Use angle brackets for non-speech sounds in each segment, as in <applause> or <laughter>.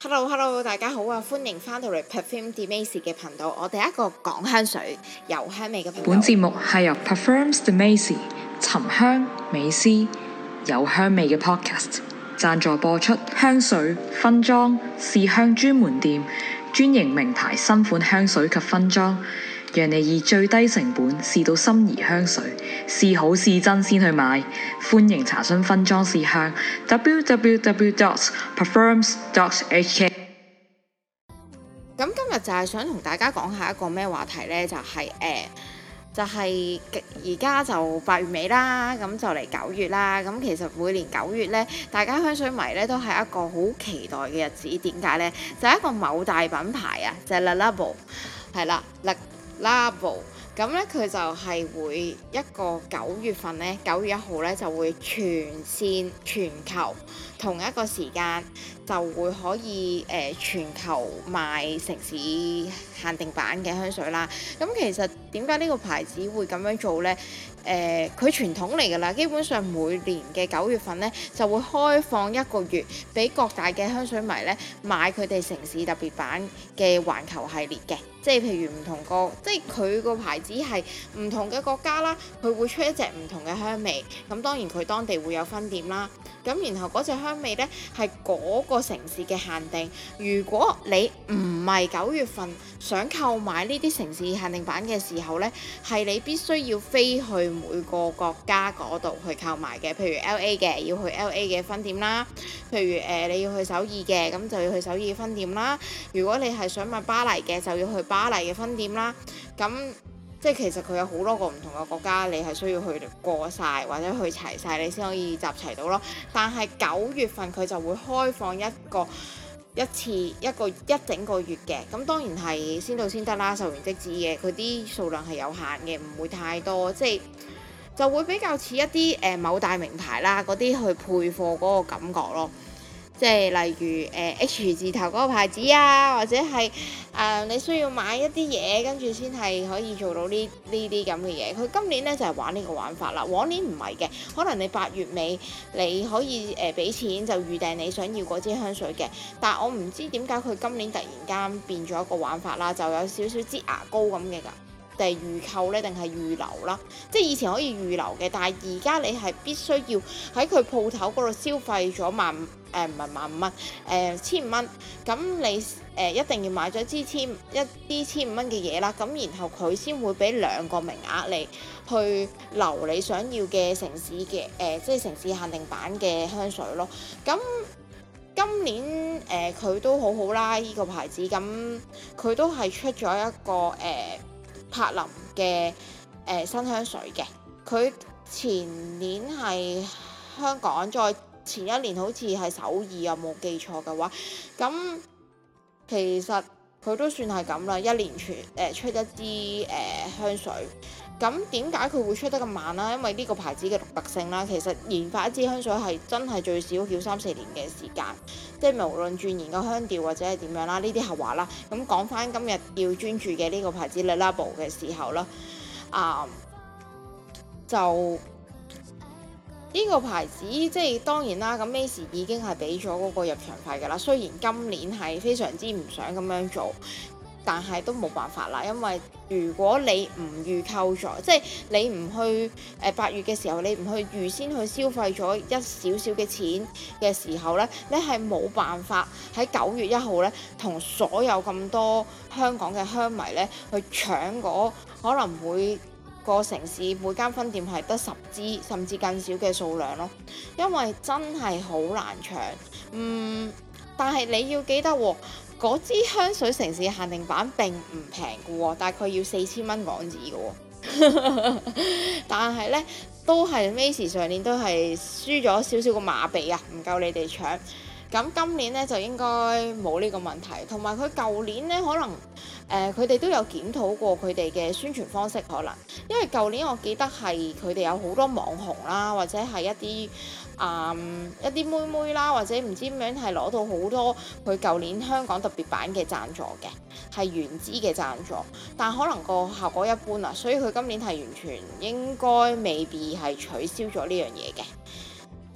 Hello Hello，大家好啊！歡迎翻到嚟《Perfume Demise》嘅頻道，我哋一個講香水、有香味嘅頻道。本節目係由《Perfume Demise》沉香美思有香味嘅 Podcast 贊助播出，香水分裝試香專門店專營名牌新款香水及分裝。讓你以最低成本試到心儀香水，試好試真先去買。歡迎查詢分裝試香 www.perfumes.hk doss。咁今日就係想同大家講一下一個咩話題呢？就係、是、誒、呃，就係而家就八月尾啦，咁就嚟九月啦。咁其實每年九月呢，大家香水迷呢都係一個好期待嘅日子。點解呢？就係、是、一個某大品牌啊，就 l、是、Le Labo 係啦，立。Labo 咁咧，佢就係會一個九月份咧，九月一號咧就會全線全球同一個時間就會可以誒、呃、全球賣城市限定版嘅香水啦。咁其實點解呢個牌子會咁樣做咧？誒、呃，佢傳統嚟㗎啦，基本上每年嘅九月份咧就會開放一個月俾各大嘅香水迷咧買佢哋城市特別版嘅環球系列嘅。即係譬如唔同個，即係佢個牌子係唔同嘅國家啦，佢會出一隻唔同嘅香味。咁當然佢當地會有分店啦。咁然後嗰隻香味呢，係嗰個城市嘅限定。如果你唔係九月份想購買呢啲城市限定版嘅時候呢，係你必須要飛去每個國家嗰度去購買嘅。譬如 LA 嘅，要去 LA 嘅分店啦。譬如誒、呃、你要去首爾嘅，咁就要去首爾分店啦。如果你係想買巴黎嘅，就要去巴黎嘅分店啦，咁即係其實佢有好多個唔同嘅國家，你係需要去過晒，或者去齊晒，你先可以集齊到咯。但係九月份佢就會開放一個一次一個一整個月嘅，咁當然係先到先得啦，售完即止嘅。佢啲數量係有限嘅，唔會太多，即係就會比較似一啲誒某大名牌啦嗰啲去配貨嗰個感覺咯。即係例如誒、呃、H 字頭嗰個牌子啊，或者係誒、呃、你需要買一啲嘢，跟住先係可以做到呢呢啲咁嘅嘢。佢今年咧就係、是、玩呢個玩法啦，往年唔係嘅，可能你八月尾你可以誒俾、呃、錢就預訂你想要嗰支香水嘅，但係我唔知點解佢今年突然間變咗一個玩法啦，就有少少擠牙膏咁嘅㗎。定係預購，定係預留啦。即係以前可以預留嘅，但係而家你係必須要喺佢鋪頭嗰度消費咗萬唔係萬、呃、萬五蚊誒、呃、千五蚊咁，你誒、呃、一定要買咗支千一支千五蚊嘅嘢啦。咁然後佢先會俾兩個名額你去留你想要嘅城市嘅誒、呃，即係城市限定版嘅香水咯。咁今年誒佢、呃、都好好啦，呢、這個牌子咁佢都係出咗一個誒。呃柏林嘅誒、呃、新香水嘅，佢前年係香港，再前一年好似係首爾啊，冇記錯嘅話，咁其實佢都算係咁啦，一年全誒、呃、出一支誒、呃、香水。咁點解佢會出得咁慢啦？因為呢個牌子嘅獨特性啦，其實研發一支香水係真係最少要三四年嘅時間，即係無論轉研究香調或者係點樣啦，呢啲係話啦。咁講返今日要專注嘅呢個牌子 Lilabo 嘅時候啦，啊，就呢、這個牌子即係當然啦，咁 Macy 已經係俾咗嗰個入場費㗎喇。雖然今年係非常之唔想咁樣做。但係都冇辦法啦，因為如果你唔預購咗，即係你唔去誒八、呃、月嘅時候，你唔去預先去消費咗一少少嘅錢嘅時候呢，你係冇辦法喺九月一號呢，同所有咁多香港嘅香迷呢去搶嗰、那個、可能每個城市每間分店係得十支甚至更少嘅數量咯，因為真係好難搶。嗯，但係你要記得喎、哦。嗰支香水城市限定版並唔平嘅喎，大概要四千蚊港紙嘅喎， <laughs> 但係咧都係 m a 上年都係輸咗少少個馬幣啊，唔夠你哋搶。咁今年咧就應該冇呢個問題，同埋佢舊年咧可能誒，佢哋都有檢討過佢哋嘅宣傳方式，可能因為舊年我記得係佢哋有好多網紅啦，或者係一啲啊、嗯、一啲妹妹啦，或者唔知點樣係攞到好多佢舊年香港特別版嘅贊助嘅，係原資嘅贊助，但可能個效果一般啦，所以佢今年係完全應該未必係取消咗呢樣嘢嘅。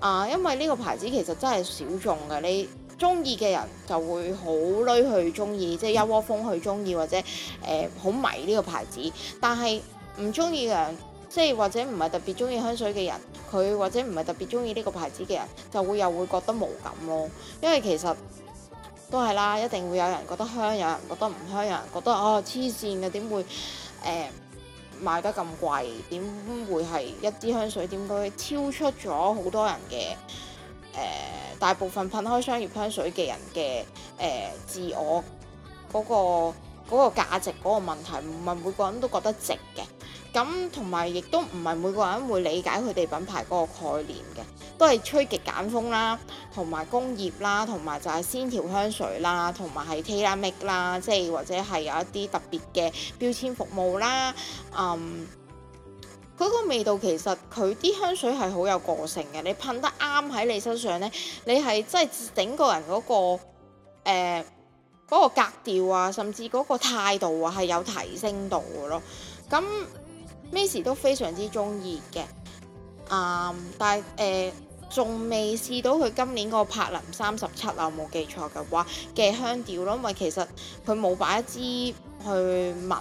啊，因為呢個牌子其實真係少眾嘅，你中意嘅人就會好攰去中意，即係一窩蜂去中意，或者誒好、呃、迷呢個牌子。但係唔中意嘅人，即係或者唔係特別中意香水嘅人，佢或者唔係特別中意呢個牌子嘅人，就會又會覺得冇感咯。因為其實都係啦，一定會有人覺得香，有人覺得唔香，有人覺得，人覺得哦黐線嘅點會誒。呃賣得咁貴，點會係一支香水？點解超出咗好多人嘅誒？大部分噴開商業香水嘅人嘅誒自我嗰個嗰個價值嗰個問題，唔係每個人都覺得值嘅。咁同埋，亦都唔係每個人會理解佢哋品牌嗰個概念嘅，都係吹極簡風啦，同埋工業啦，同埋就係先調香水啦，同埋係 Taylor Mac 啦，即係或者係有一啲特別嘅標籤服務啦。嗯，佢個味道其實佢啲香水係好有個性嘅。你噴得啱喺你身上呢，你係真係整個人嗰個誒嗰個格調啊，甚至嗰個態度啊，係有提升到嘅咯。咁咩時都非常之中意嘅，啊、um，但係誒，仲未試到佢今年個柏林三十七啊，我冇記錯嘅話嘅香調咯，因為其實佢冇擺一支去聞，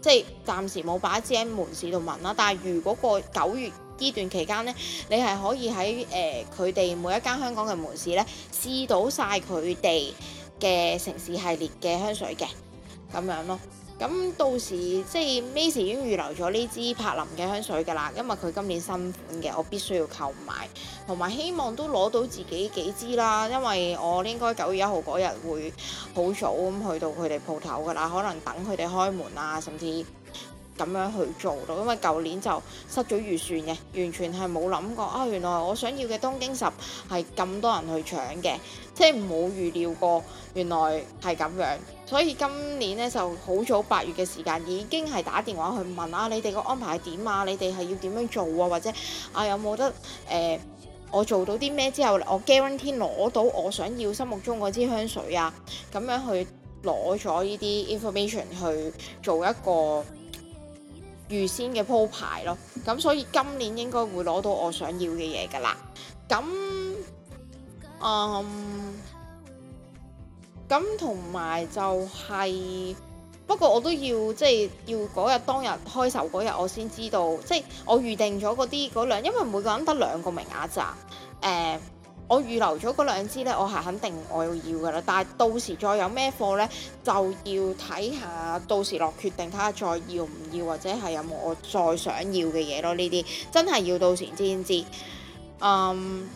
即係暫時冇擺一支喺門市度聞啦。但係如果個九月呢段期間呢，你係可以喺誒佢哋每一間香港嘅門市呢，試到晒佢哋嘅城市系列嘅香水嘅，咁樣咯。咁到時即係 Macy 已經預留咗呢支柏林嘅香水㗎啦，因為佢今年新款嘅，我必須要購買，同埋希望都攞到自己幾支啦，因為我應該九月一號嗰日會好早咁去到佢哋鋪頭㗎啦，可能等佢哋開門啊，甚至。咁樣去做囉，因為舊年就失咗預算嘅，完全係冇諗過啊！原來我想要嘅東京十係咁多人去搶嘅，即係冇預料過原來係咁樣。所以今年咧就好早八月嘅時間已經係打電話去問啊，你哋個安排係點啊？你哋係要點樣做啊？或者啊有冇得誒、呃？我做到啲咩之後，我 guarantee 攞到我想要心目中嗰支香水啊？咁樣去攞咗呢啲 information 去做一個。預先嘅鋪排咯，咁所以今年應該會攞到我想要嘅嘢㗎啦。咁，嗯，咁同埋就係，不過我都要即係要嗰日當日開售嗰日我先知道，即係我預定咗嗰啲嗰兩，因為每個人得兩個名額咋，誒。我預留咗嗰兩支咧，我係肯定我要嘅啦。但係到時再有咩貨咧，就要睇下到時落決定，睇下再要唔要，或者係有冇我再想要嘅嘢咯。呢啲真係要到時先知。嗯，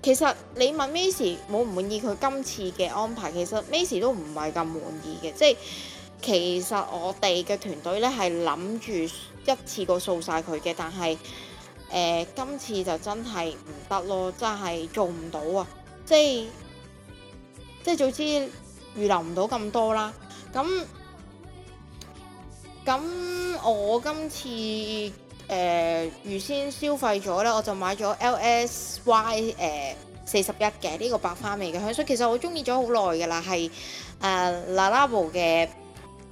其實你問 Macy 滿唔滿意佢今次嘅安排，其實 Macy 都唔係咁滿意嘅。即係其實我哋嘅團隊咧係諗住一次過掃晒佢嘅，但係，誒，今次就真係唔得咯，真係做唔到啊！即係即係早知預留唔到咁多啦。咁咁我今次誒，預先消費咗咧，我就買咗 L S Y 誒四十一嘅呢個百花味嘅香水，其實我中意咗好耐噶啦，係誒，Le Labo 嘅。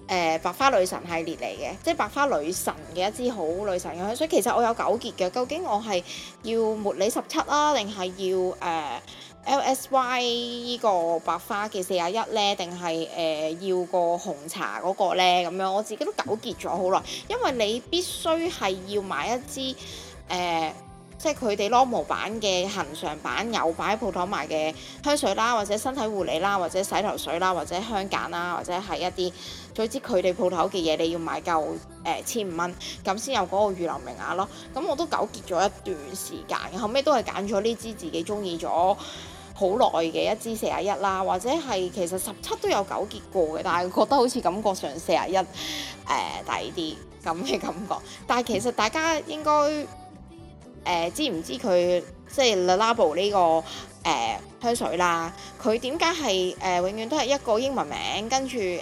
誒、呃、白花女神系列嚟嘅，即係白花女神嘅一支好女神嘅香水，所以其實我有糾結嘅，究竟我係要茉莉十七啊，定係要誒、呃、L S Y 呢個白花嘅四廿一咧，定係誒要個紅茶嗰個咧？咁樣我自己都糾結咗好耐，因為你必須係要買一支誒。呃即係佢哋攞模板嘅恆常版有擺喺鋪頭賣嘅香水啦，或者身體護理啦，或者洗頭水啦，或者香梘啦，或者係一啲總之，佢哋鋪頭嘅嘢，你要買夠誒、呃、千五蚊咁先有嗰個預留名額咯。咁我都糾結咗一段時間，後尾都係揀咗呢支自己中意咗好耐嘅一支四廿一啦，或者係其實十七都有糾結過嘅，但係覺得好似感覺上四廿、呃、一誒抵啲咁嘅感覺，但係其實大家應該。誒知唔知佢即係 Le Labo 呢個誒、呃、香水啦？佢點解係誒永遠都係一個英文名，跟住誒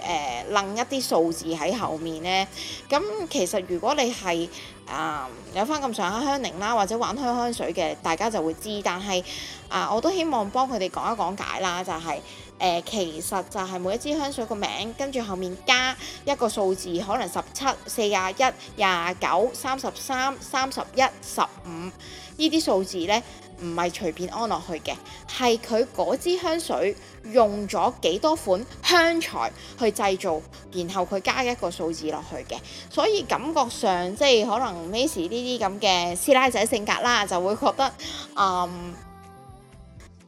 掟一啲數字喺後面呢？咁其實如果你係啊、呃、有翻咁上下香檸啦，或者玩香香水嘅，大家就會知。但係啊、呃，我都希望幫佢哋講一講解啦，就係、是。誒、呃，其實就係每一支香水個名，跟住後面加一個數字，可能十七、四廿一、廿九、三十三、三十一、十五，呢啲數字呢，唔係隨便安落去嘅，係佢嗰支香水用咗幾多款香材去製造，然後佢加一個數字落去嘅，所以感覺上即係可能 Miss 呢啲咁嘅師奶仔性格啦，就會覺得啊～、嗯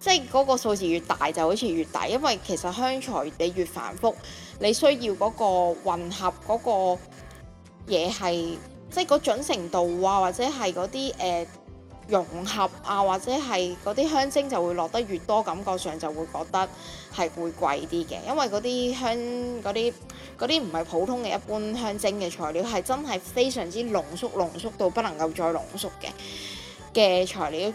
即係嗰個數字越大就好似越大，因為其實香材你越繁複，你需要嗰個混合嗰個嘢係，即係嗰準程度啊，或者係嗰啲誒融合啊，或者係嗰啲香精就會落得越多，感覺上就會覺得係會貴啲嘅，因為嗰啲香嗰啲嗰啲唔係普通嘅一般香精嘅材料，係真係非常之濃縮濃縮到不能夠再濃縮嘅嘅材料。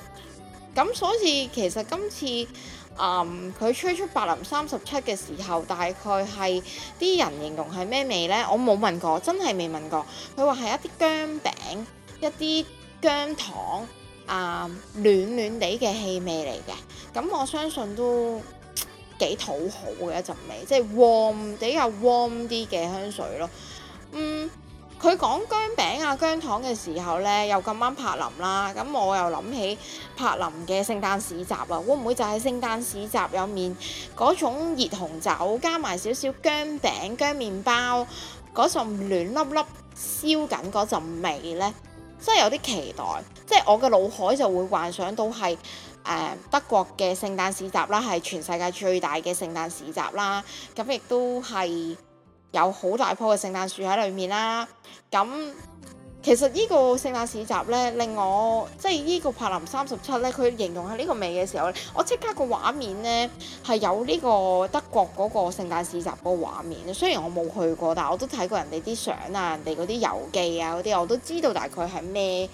咁所以其實今次啊，佢、嗯、吹出柏林三十七嘅時候，大概係啲人形容係咩味呢？我冇問過，真係未問過。佢話係一啲姜餅、一啲姜糖啊、嗯，暖暖地嘅氣味嚟嘅。咁我相信都幾討好嘅一陣味，即、就、係、是、warm 比較 warm 啲嘅香水咯。嗯。佢講薑餅啊、薑糖嘅時候呢，又咁啱柏林啦，咁我又諗起柏林嘅聖誕市集啊，會唔會就喺聖誕市集入面嗰種熱紅酒，加埋少少薑餅、薑麵包，嗰陣暖粒粒燒緊嗰陣味呢？真係有啲期待。即係我嘅腦海就會幻想到係誒德國嘅聖誕市集啦，係全世界最大嘅聖誕市集啦，咁亦都係。有好大棵嘅聖誕樹喺裏面啦，咁其實呢個聖誕市集呢，令我即係呢個柏林三十七呢，佢形容喺呢個味嘅時候，我即刻個畫面呢，係有呢個德國嗰個聖誕市集嗰個畫面。雖然我冇去過，但係我都睇過人哋啲相啊，人哋嗰啲遊記啊嗰啲，我都知道大概係咩，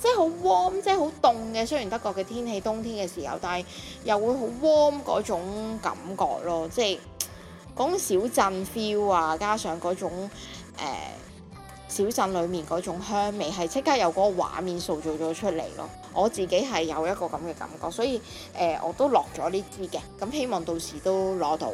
即係好 warm，即係好凍嘅。雖然德國嘅天氣冬天嘅時候，但係又會好 warm 嗰種感覺咯，即係。講小鎮 feel 啊，加上嗰種、呃、小鎮裡面嗰種香味，係即刻有嗰個畫面塑造咗出嚟咯。我自己係有一個咁嘅感覺，所以誒、呃、我都落咗呢啲嘅，咁希望到時都攞到誒、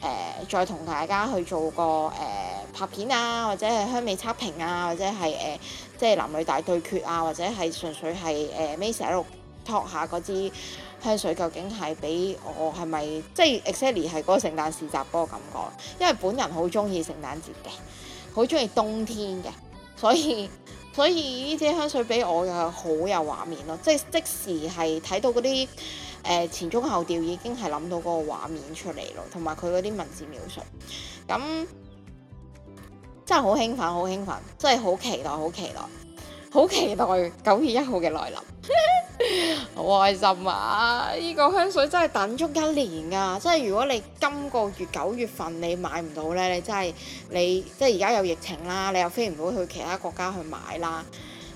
呃，再同大家去做個誒、呃、拍片啊，或者係香味測評啊，或者係誒、呃、即係男女大對決啊，或者係純粹係誒 Macy 喺度 talk 下嗰支。呃香水究竟係俾我係咪即係 exactly 係嗰個聖誕市集嗰個感覺？因為本人好中意聖誕節嘅，好中意冬天嘅，所以所以呢支香水俾我嘅好有畫面咯，即係即時係睇到嗰啲誒前中後調已經係諗到嗰個畫面出嚟咯，同埋佢嗰啲文字描述，咁真係好興奮，好興奮，真係好期待，好期待，好期待九月一號嘅來臨。 <laughs> <laughs> 好開心啊！呢、這個香水真係等足一年噶、啊，即係如果你今個月九月份你買唔到呢，你真係你即係而家有疫情啦，你又飛唔到去其他國家去買啦，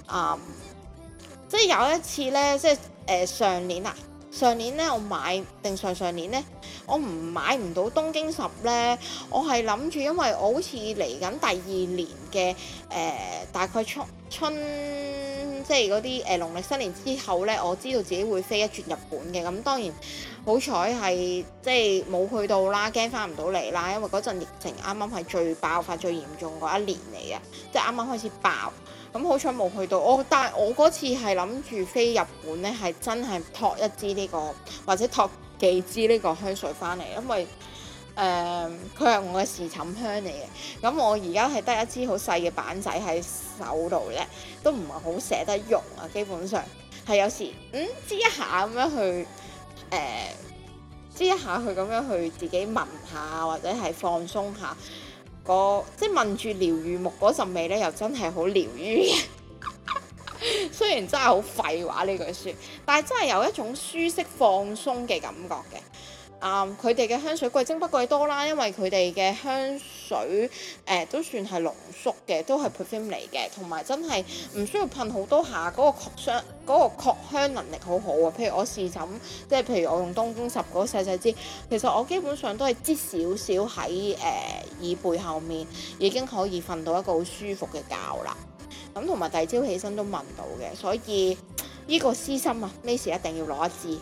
啊、um,！即係有一次呢，即係、呃、上年啊，上年呢，我買定上上年呢，我唔買唔到東京十呢。我係諗住因為我好似嚟緊第二年嘅、呃、大概春春。即係嗰啲誒農曆新年之後呢，我知道自己會飛一轉日本嘅。咁當然好彩係即係冇去到啦，驚翻唔到嚟啦。因為嗰陣疫情啱啱係最爆發最嚴重嗰一年嚟嘅，即係啱啱開始爆。咁好彩冇去到。我但係我嗰次係諗住飛日本呢，係真係托一支呢個，或者托幾支呢個香水翻嚟，因為。誒，佢係、um, 我嘅侍寢香嚟嘅，咁我而家係得一支好細嘅板仔喺手度咧，都唔係好捨得用啊，基本上係有時嗯擠一下咁樣去誒擠、嗯、一下佢咁樣去自己聞下或者係放鬆下，即係聞住療愈木嗰陣味咧，又真係好療愈嘅。 <laughs> 雖然真係好廢話呢句説，但係真係有一種舒適放鬆嘅感覺嘅。啱，佢哋嘅香水貴精不貴多啦，因為佢哋嘅香水誒、呃、都算係濃縮嘅，都係 perfume 嚟嘅，同埋真係唔需要噴好多下，嗰個擴香嗰個擴香能力好好啊，譬如我試枕，即係譬如我用東京十嗰細細支，其實我基本上都係擠少少喺誒耳背後面，已經可以瞓到一個好舒服嘅覺啦。咁同埋第二朝起身都聞到嘅，所以呢個私心啊，呢時一定要攞一支。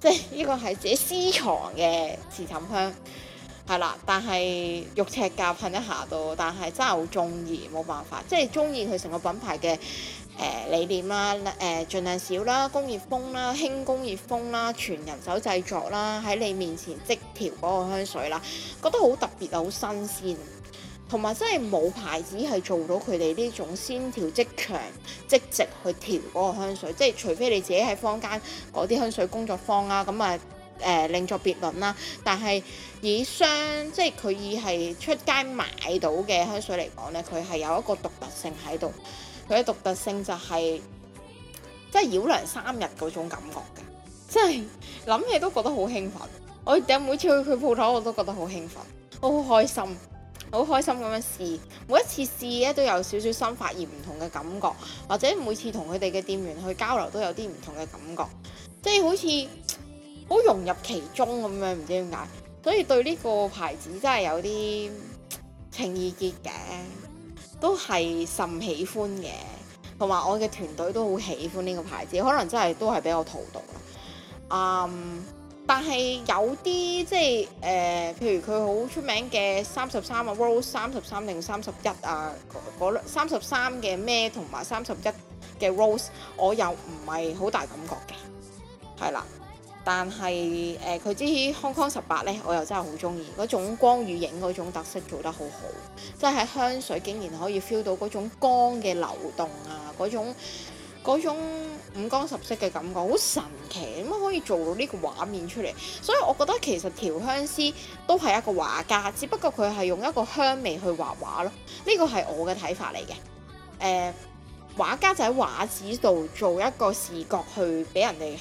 即係呢個係自己私藏嘅時沉香，係啦，但係肉赤架噴一下都，但係真係好中意，冇辦法，即係中意佢成個品牌嘅誒、呃、理念啦、誒、呃、盡量少啦、工業風啦、輕工業風啦、全人手製作啦，喺你面前即調嗰個香水啦，覺得好特別，好新鮮。同埋真係冇牌子係做到佢哋呢種先調即強即直去調嗰個香水，即係除非你自己喺坊間嗰啲香水工作坊啦，咁啊誒另作別論啦。但係以商即係佢以係出街買到嘅香水嚟講呢，佢係有一個獨特性喺度。佢嘅獨特性就係、是、即係繞梁三日嗰種感覺嘅，即係諗起都覺得好興奮。我每次去佢鋪頭我都覺得好興奮，好開心。好開心咁樣試，每一次試咧都有少少新發現唔同嘅感覺，或者每次同佢哋嘅店員去交流都有啲唔同嘅感覺，即係好似好融入其中咁樣，唔知點解，所以對呢個牌子真係有啲情意結嘅，都係甚喜歡嘅，同埋我嘅團隊都好喜歡呢個牌子，可能真係都係比較荼毒啦，嗯、um。但係有啲即係誒、呃，譬如佢好出名嘅三十三啊，rose 三十三定三十一啊，三十三嘅咩同埋三十一嘅 rose，我又唔係好大感覺嘅，係啦。但係誒，佢、呃、之前 Hong Kong 十八呢，我又真係好中意嗰種光與影嗰種特色做得好好，即係香水竟然可以 feel 到嗰種光嘅流動啊，嗰種。嗰種五光十色嘅感覺好神奇，點解可以做到呢個畫面出嚟，所以我覺得其實調香師都係一個畫家，只不過佢係用一個香味去畫畫咯。呢個係我嘅睇法嚟嘅。誒、呃，畫家就喺畫紙度做一個視覺去俾人哋誒，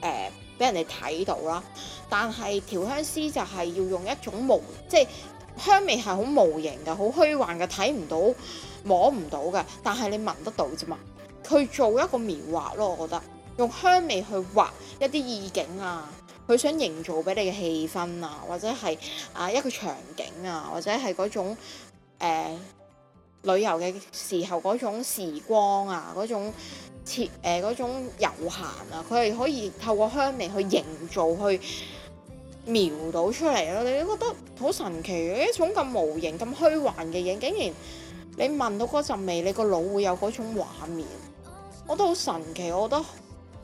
俾、呃、人哋睇到啦。但係調香師就係要用一種無，即、就、係、是、香味係好無形嘅、好虛幻嘅，睇唔到、摸唔到嘅，但係你聞得到啫嘛。去做一個描畫咯，我覺得用香味去畫一啲意境啊，佢想營造俾你嘅氣氛啊，或者係啊一個場景啊，或者係嗰種、呃、旅遊嘅時候嗰種時光啊，嗰種設誒嗰種悠閒啊，佢係可以透過香味去營造去描到出嚟咯、啊。你都覺得好神奇，一種咁無形咁虛幻嘅嘢，竟然你聞到嗰陣味，你個腦會有嗰種畫面。我都好神奇，我覺得好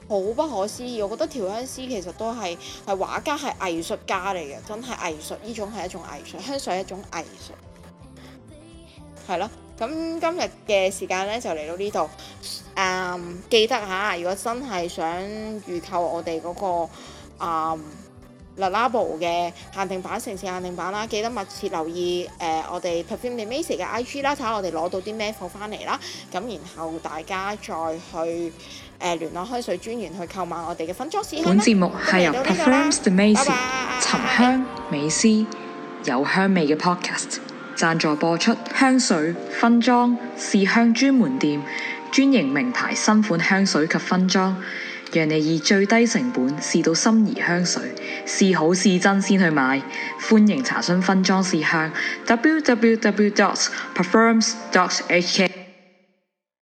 不可思議。我覺得調香師其實都係係畫家，係藝術家嚟嘅，真係藝術，呢種係一種藝術，香水係一種藝術。係咯，咁今日嘅時間呢，就嚟到呢度。誒，記得吓，如果真係想預購我哋嗰個啊。Um, La Labo 嘅限定版、城市限定版啦，記得密切留意誒、呃、我哋 Perfume de Macy 嘅 IG 啦，睇下我哋攞到啲咩貨翻嚟啦。咁然後大家再去誒聯、呃、絡香水專員去購買我哋嘅分裝試香。本節目係由 Perfume de Macy 沉香美思、有香味嘅 Podcast 贊助播出，香水、分裝試香專門店、專營名牌新款香水及分裝。讓你以最低成本試到心儀香水，試好試真先去買。歡迎查詢分裝試香，www dot perfumes dot hk。